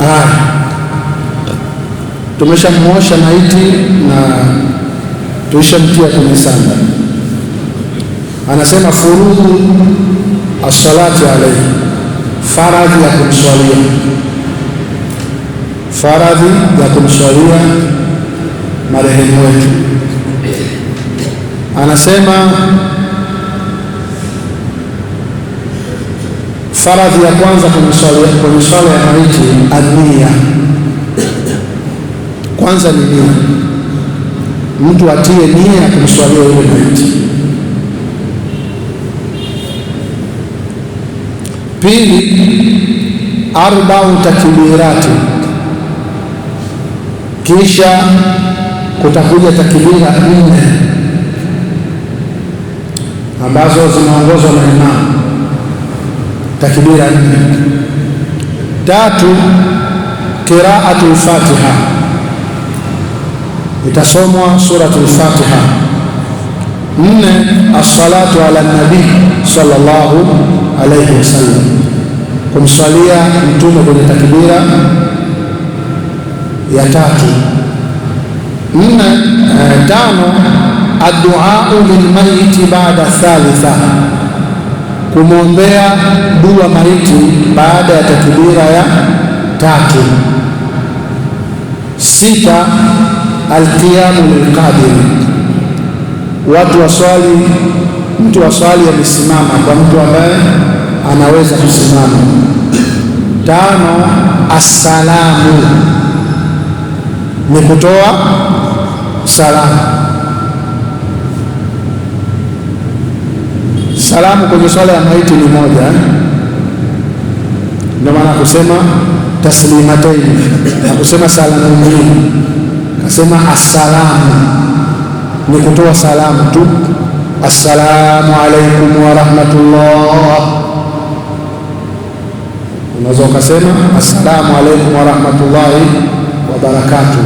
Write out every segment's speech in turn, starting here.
Ah, tumeshamuosha maiti na tuishamtia kwenye sanda. Anasema furudhu assalati alaihi, faradhi ya kumswalia, faradhi ya kumswalia marehemu wetu. Anasema Faradhi ya kwanza kwenye swala ya maiti ania, kwanza ni nia. Mtu atie nia ya kumswalia yule maiti. Pili, arbau takbirati, kisha kutakuja takbira nne ambazo zinaongozwa na imamu takbira nne. Tatu, qiraatu lfatiha itasomwa suratul Fatiha. Nne, assalatu ala nabii sallallahu alayhi wasallam, kumswalia mtume kwenye takbira ya tatu. Nne, eh, tano, adduau lilmayiti baada thalitha kumwombea dua maiti baada ya takbira ya tatu. Sita, alqiyamu lilqadiri, watu waswali, mtu waswali amesimama kwa mtu ambaye anaweza kusimama. Tano, assalamu ni kutoa salamu Salamu kwenye swala ya maiti ni moja Ndio maana kusema taslimataini nakusema salamu mbili, kasema assalamu ni kutoa salamu tu, assalamu alaikum warahmatullah. Unaweza ukasema assalamu alaikum wa barakatuh.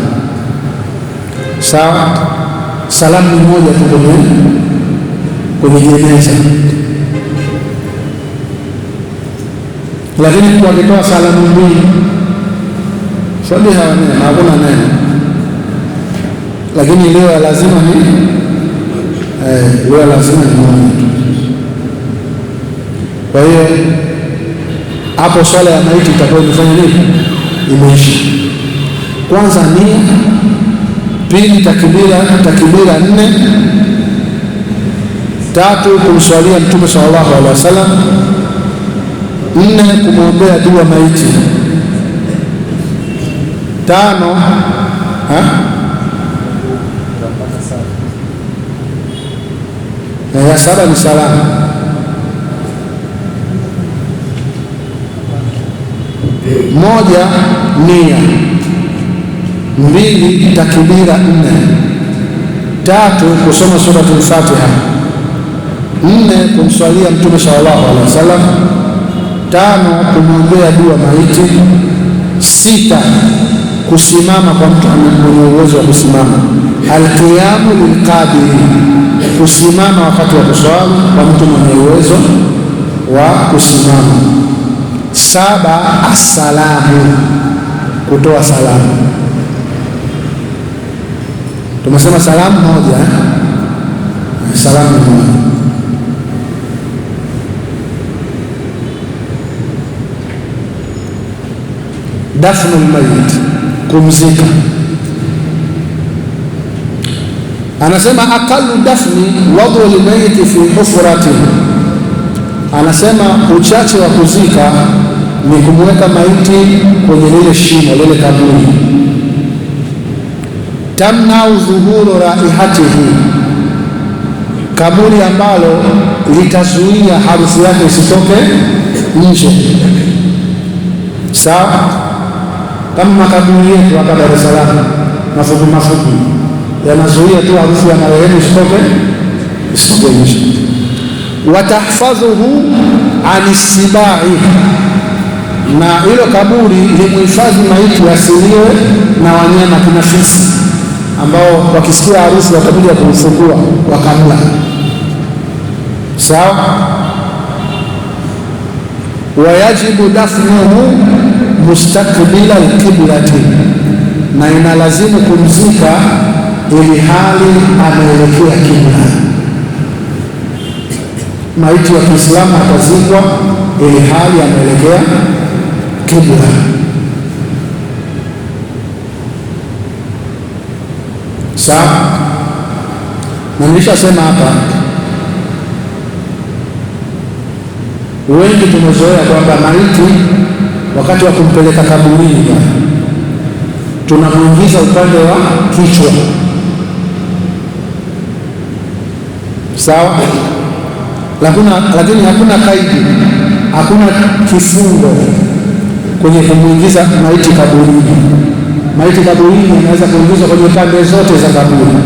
Sawa, salamu ni moja tu kwenye kujiegemeza, lakini akitoa salamu mbili sabiha wanne hakuna neno, lakini leo lazima ni eh, leo lazima ni moja tu. Kwa hiyo hapo swala ya maiti itakuwa imefanya nini? Imeishi kwanza nia, pili takibira, takibira nne Tatu, kumswalia Mtume sallallahu alaihi wasallam. Nne, kumwombea dua maiti. Tano, ha? na eh, ya saba ni salamu. Moja, nia. Mbili, takbira nne. Tatu, kusoma suratul Fatiha nne, kumswalia Mtume sallallahu alaihi wasallam; tano, kumwombea dua maiti; sita, kusimama kwa mtu mwenye uwezo wa kusimama, alqiyamu lilqadiri, kusimama wakati wa kuswali kwa mtu mwenye uwezo wa kusimama; saba, assalamu, kutoa salamu. Tumesema salamu moja, eh? salamu moja dafnu lmayit, kumzika. Anasema aqalu dafni wadhu lmaiti fi hufratihi, anasema uchache wa kuzika ni kumweka maiti kwenye lile shimo, lile kaburi. Tamnau dhuhuru raihatihi, kaburi ambalo litazuia harufu yake isitoke nje. Sawa kama makaburi yetu hapa Dar es Salaam mafupi mafupi yanazuia tu harufu ya marehemu isitoke isitoke nje. Watahfadhuhu ani sibai, na hilo kaburi limuhifadhi maiti asiliwe na wanyama kinafisi fisi, ambao wakisikia harufu watakuja ya kumfungua wakamla. Sawa, wayajibu dafnuhu mustakbila alqiblati, na inalazimu kumzika ili hali ameelekea kibla. Maiti wa Kiislamu atazikwa ili hali ameelekea kibla. Sawa, na nilishasema hapa, wengi tumezoea kwamba maiti wakati wa kumpeleka kaburini tunamwingiza upande wa kichwa, sawa. Lakini hakuna kaidi, hakuna kifungo kwenye kumwingiza maiti kaburini. Maiti kaburini inaweza kuingizwa kwenye pande zote za kaburi.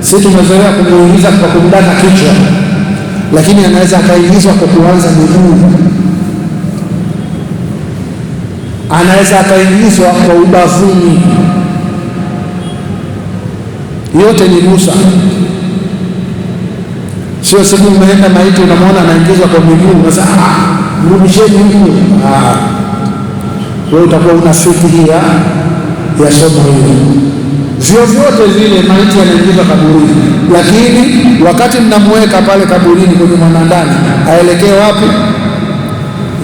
si tumezoea kumwingiza kwa kumdaka kichwa, lakini anaweza akaingizwa kwa kuanza miguu anaweza akaingizwa kwa ubavuni. Yote ni musa sio siku umeenda maiti unamwona anaingizwa kwa miguu, unasema mrudisheni ah, huku. Ah. Wewe utakuwa una hii ya somo hili. Vyovyote vile maiti yanaingizwa kaburini, lakini wakati mnamweka pale kaburini kwenye mwanandani aelekee wapi?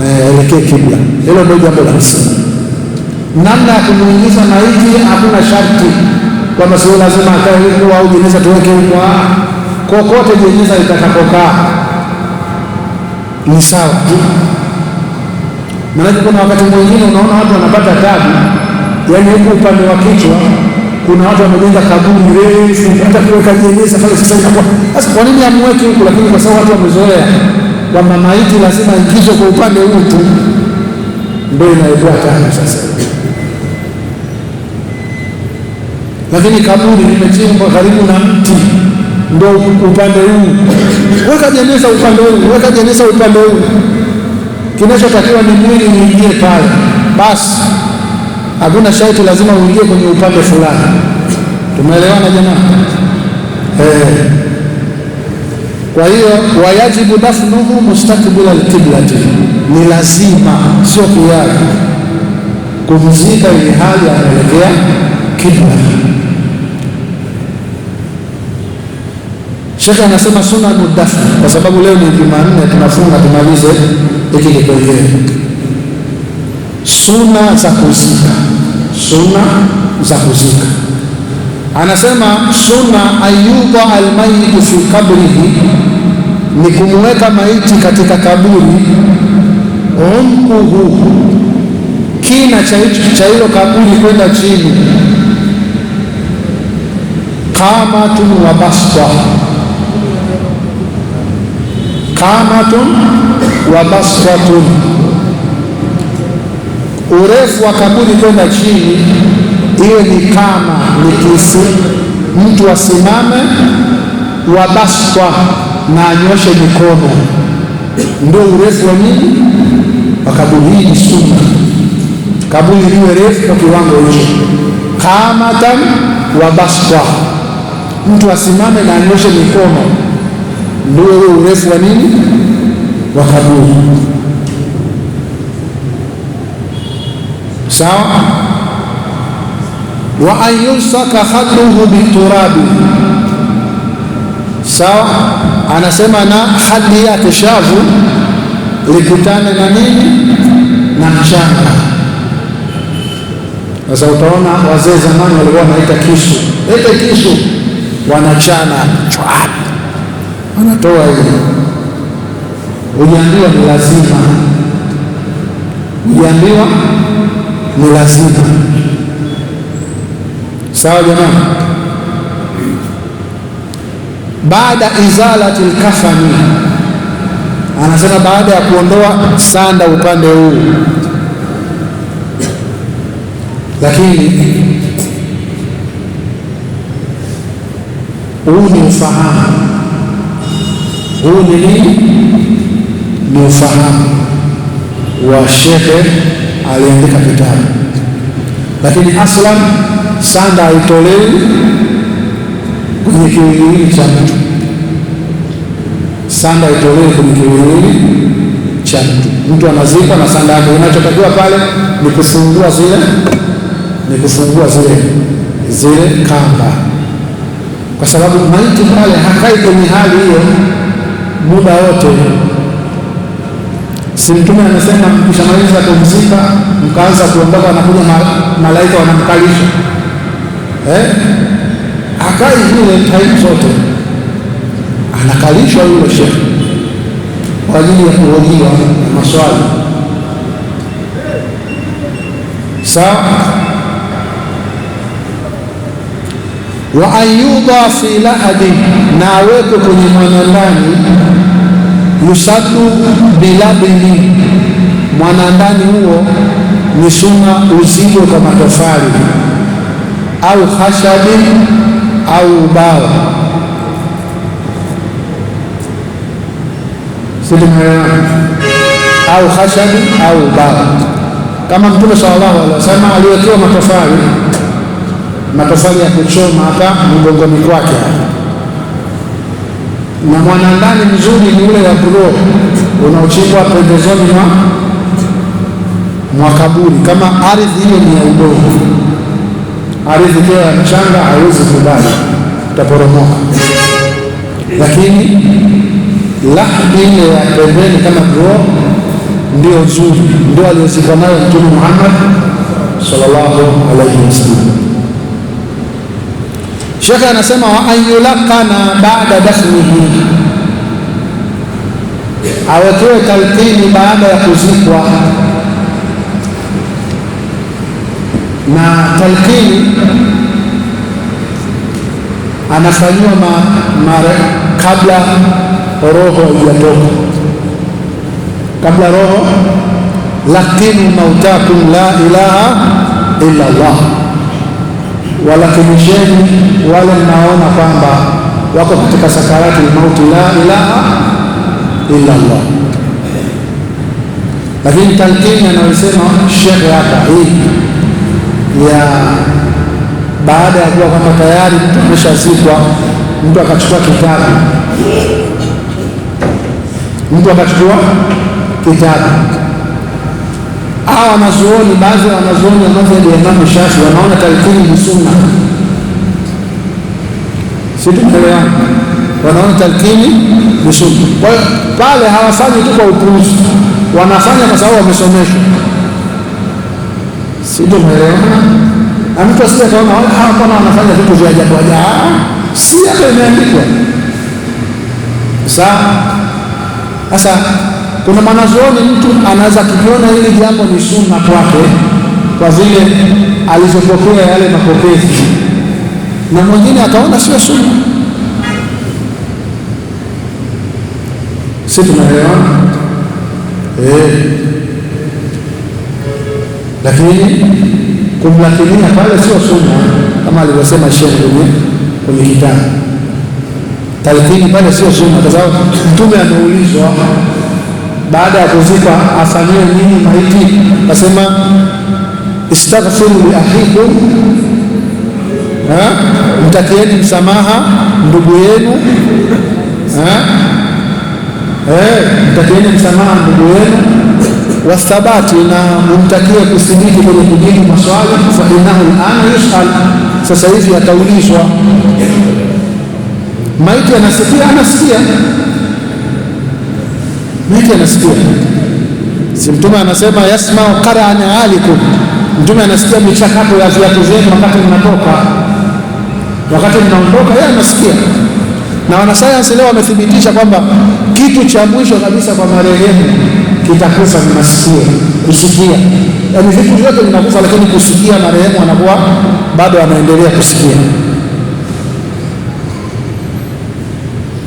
Eh, aelekee kibla. Hilo ndio jambo la msingi namna ya kumuingiza maiti hakuna sharti kwamba sio lazima akae huko au jeneza tuweke huku. Kokote jeneza litakapokaa ni sawa tu. Maanake kuna wakati mwingine unaona watu wanapata tabu, yaani huku upande wa kichwa kuna watu wamejenga kaburi refu, hata kuweka jeneza pale. Sasa inakuwa sasa, kwa nini amweke huku? Lakini kwa sababu watu wamezoea kwamba maiti lazima ingizwe kwa upande huu tu ndio inayofuata hapa sasa. Lakini kaburi limechimbwa karibu na mti, ndio upande huu, weka jeneza upande huu, weka jeneza upande huu. Kinachotakiwa ni mwili uingie pale basi, hakuna sharti lazima uingie kwenye upande fulani. Tumeelewana jamaa eh? Kwa hiyo wayajibu dafnuhu mustakbila alqiblati ni lazima, sio kiari kumzika ili hali anaelekea kibla. Shekhe anasema sunanu dafni, kwa sababu leo ni Jumanne, tunafunga tumalize hiki kipengele. Suna za kuzika, suna za kuzika Anasema sunna ayudha almayitu fi kabrihi, ni kumweka maiti katika kaburi umkuhu, kina cha hilo kaburi kwenda chini, qamatun wa basta, qamatun wa bastatun, urefu wa kaburi kwenda chini, iwe ni kama ni kisi, mtu asimame wa basta na anyoshe mikono ndio urefu wa nini wa kaburi hili. Ni sunna kaburi liwe refu kwa kiwango hicho, qamatan wa basta, mtu asimame na anyoshe mikono, ndio huo urefu wa nini wa kaburi. Sawa wa an yusaka khatruhu biturabi sawa. Anasema na hadi yake shavu likutane na nini na mchanga. Sasa utaona wazee zamani walikuwa wanaita kisu, ete kisu, wanachana chwa, wanatoa hiyo. Ujaambiwa ni lazima, ujaambiwa ni lazima, sawa jamani baada izalatil lkafani, anasema baada ya kuondoa sanda upande huu. Lakini huu ni ufahamu, huu ni nini? Ni ufahamu wa shekhe aliandika kitabu, lakini aslan sanda haitolewi kwenye kiwiliwili cha mtu, sanda itolewe kwenye kiwiliwili cha mtu. Mtu anazikwa na sanda yake, inachotakiwa pale ni kufungua zile ni kufungua zile zile kamba, kwa sababu maiti pale hakai kwenye hali hiyo muda wote. Si Mtume anasema mkishamaliza kumzika mkaanza kuondoka, wanakuja malaika wanamkalisha eh? akai vile time zote, anakalishwa yule shekhe kwa ajili ya kuhojiwa na maswali. Sawa wa ayuda fi lahadi, na awekwe kwenye mwanandani yusadu bilabini, mwanandani huo ni suma kwa matofali au khashabi au ubao, Au khashabi au ubao, kama Mtume sallallahu alaihi wasallam aliwekewa matofali, matofali ya kuchoma hapa mgongoni kwake hapa na mwanandani mzuri ni ule wa bulo unaochimbwa pembezoni mwa kaburi, kama ardhi hiyo ni ya udongo ardhi ikiwa mchanga haiwezi kubali, utaporomoka. Lakini lahdi ile ya pembeni kama guo ndio nzuri, ndio aliyozikwa nayo Mtume Muhammad sallallahu alaihi wasallam. Shekhe anasema wa anyulakana baada dafnihi, awekewe talqini baada ya kuzikwa na talqini anafanyiwa mara kabla roho haijatoka, kabla roho. Lakini mautakum la ilaha illa Allah, walakinisheni wale mnaona kwamba wako katika sakarati mauti, la ilaha illa Allah. Lakini talqini anayosema shekhe hapa hii ya baada ya kuwa kwamba tayari mtu ameshazikwa, mtu akachukua kitabu, mtu akachukua kitabu. Hawa wanazuoni, baadhi ya wanazuoni wa madhhabu ya Imamu Shafi wanaona talqini ni sunna, si tumeelewa? Wanaona talqini ni sunna. Kwa hiyo pale hawafanyi tu kwa upuuzi, wanafanya kwa sababu wamesomeshwa Sijamuelewa. Na mtu asije kaona hawa mbona wanafanya vitu vya ajabu ajabu. Si hata imeandikwa. Sawa? Sasa kuna mwanazuoni mtu anaweza kujiona hili jambo ni sunna kwake kwa vile alizopokea yale mapokezi, na mwingine akaona sio sunna. Si tunaelewana? Eh lakini kumlakinia pale sio sunna, kama alivyosema Sheikh kwenye kwenye kitabu talkini pale sio sunna, kwa sababu Mtume ameulizwa baada ya kuzika afanyie nini maiti, asema istaghfiru li akhikum, mtakieni msamaha ndugu yenu, eh, mtakieni msamaha ndugu yenu wathabati, na humtakie kusidiki kwenye kujibu maswali. Fa innahu alana yusal, sasa hivi ataulizwa. Maiti anasikia, anasikia maiti anasikia. Si Mtume anasema yasmau qara'ana alikum, Mtume anasikia michakato ya viatu vyenu wakati mnatoka, wakati mnaondoka, yeye anasikia na wanasayansi leo wamethibitisha kwamba kitu cha mwisho kabisa kwa marehemu kitakufa ni masikio, kusikia, yaani vitu vyote vinakufa, lakini kusikia, marehemu anakuwa bado anaendelea kusikia.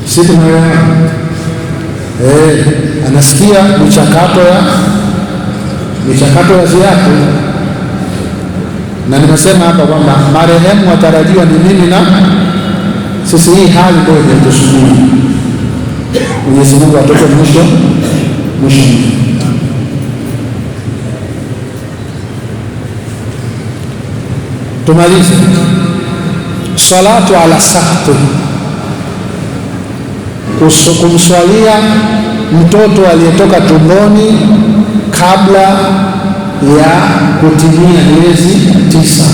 Situnaea eh, anasikia michakato ya michakato ya viatu, na nimesema hapa kwamba marehemu watarajiwa ni mimi na sisi. Hii hali ndio inatusumbua. Mwenyezi Mungu atoke mwisho Tumalize salatu ala sahti, kumswalia mtoto aliyetoka tumboni kabla ya kutimia miezi tisa.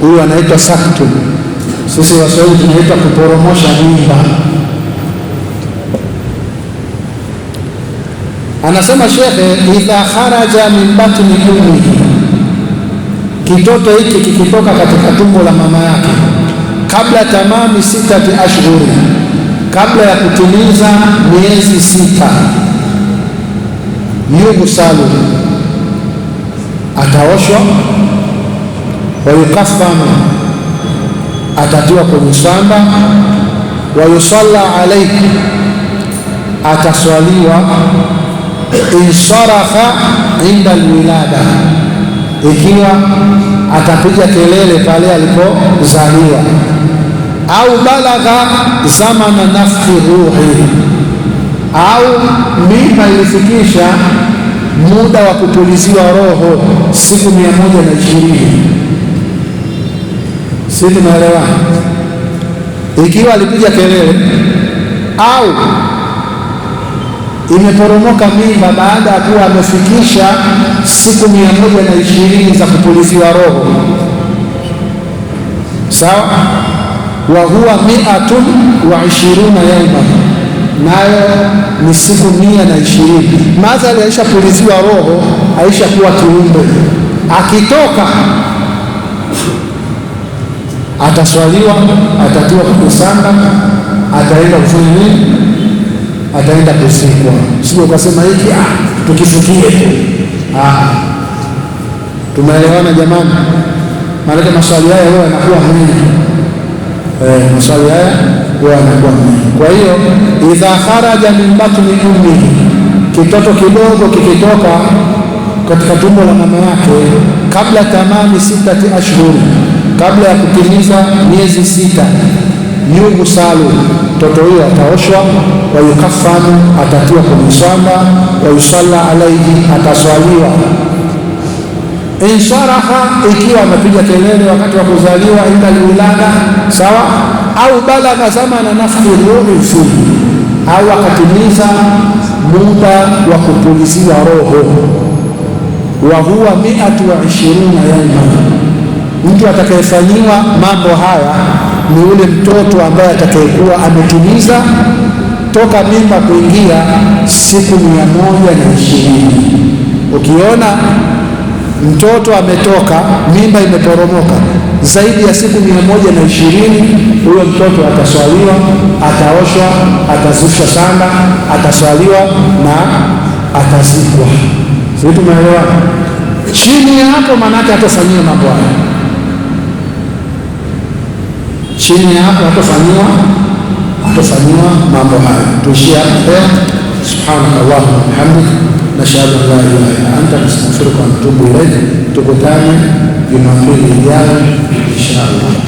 Huyu anaitwa sahtu, sisi Waswahili tunaitwa kuporomosha mimba. Anasema shekhe, idha kharaja min batni ummihi, kitoto hiki kikitoka katika tumbo la mama yake, kabla tamami sitati ashhuri, kabla ya kutimiza miezi sita, yughsalu, ataoshwa, wa atatiwa kwenye swamba, wa yusalla alaihi, ataswaliwa insarafa inda lwilada ikiwa atapiga kelele pale alipozaliwa, au balagha zamana nafthi ruhi, au mimba ilifikisha muda wa kupuliziwa roho siku mia moja na ishirini. Si Ikiwa alipiga kelele au imeporomoka mimba baada ya kuwa amefikisha siku mia moja na ishirini za kupuliziwa roho, sawa wa huwa miatun wa ishiruna yauma, nayo ni siku mia na ishirini. Madhali aishapuliziwa roho, aisha kuwa kiumbe, akitoka ataswaliwa, atatiwa kukusanga, ataenda kufanya nini ataenda kusikwa. Sio ukasema hiki ah, tu ah. Tumeelewana jamani? Maanake maswali haya huwa yanakuwa mengi eh, maswali haya huwa yanakuwa mengi. Kwa hiyo idha kharaja min batni ummihi, kitoto kidogo kikitoka katika tumbo la mama yake, kabla tamami sitati ashhuri, kabla ya kutimiza miezi sita salu mtoto huyo ataoshwa, wa yukafanu, atatiwa kwenye shamba, wa yusalla alaihi, ataswaliwa. Insaraha, ikiwa amepiga kelele wakati wa kuzaliwa, inda liwilada, sawa au balagha zamana nafsi ruhi fihi, au akatimiza muda wa kupuliziwa roho, wa huwa miatu wa ishirina yauma. Mtu atakayefanyiwa mambo haya ni yule mtoto ambaye atakayekuwa ametimiza toka mimba kuingia siku mia moja na ishirini. Ukiona mtoto ametoka mimba imeporomoka zaidi ya siku mia moja na ishirini, huyo mtoto ataswaliwa, ataoshwa, atazusha sanda, ataswaliwa na atazikwa. Sisi tumeelewa chini ya hapo, maanake hatafanyiwa mambo haya. Chini ya hapo hatofanyiwa hatofanyiwa mambo hayo. Tuishie hapo Subhanaka Allahumma wa bihamdika, nashhadu an la ilaha illa anta, nastaghfiruka wa natubu ilaik. Tukutane Jumapili ijayo insha Allah.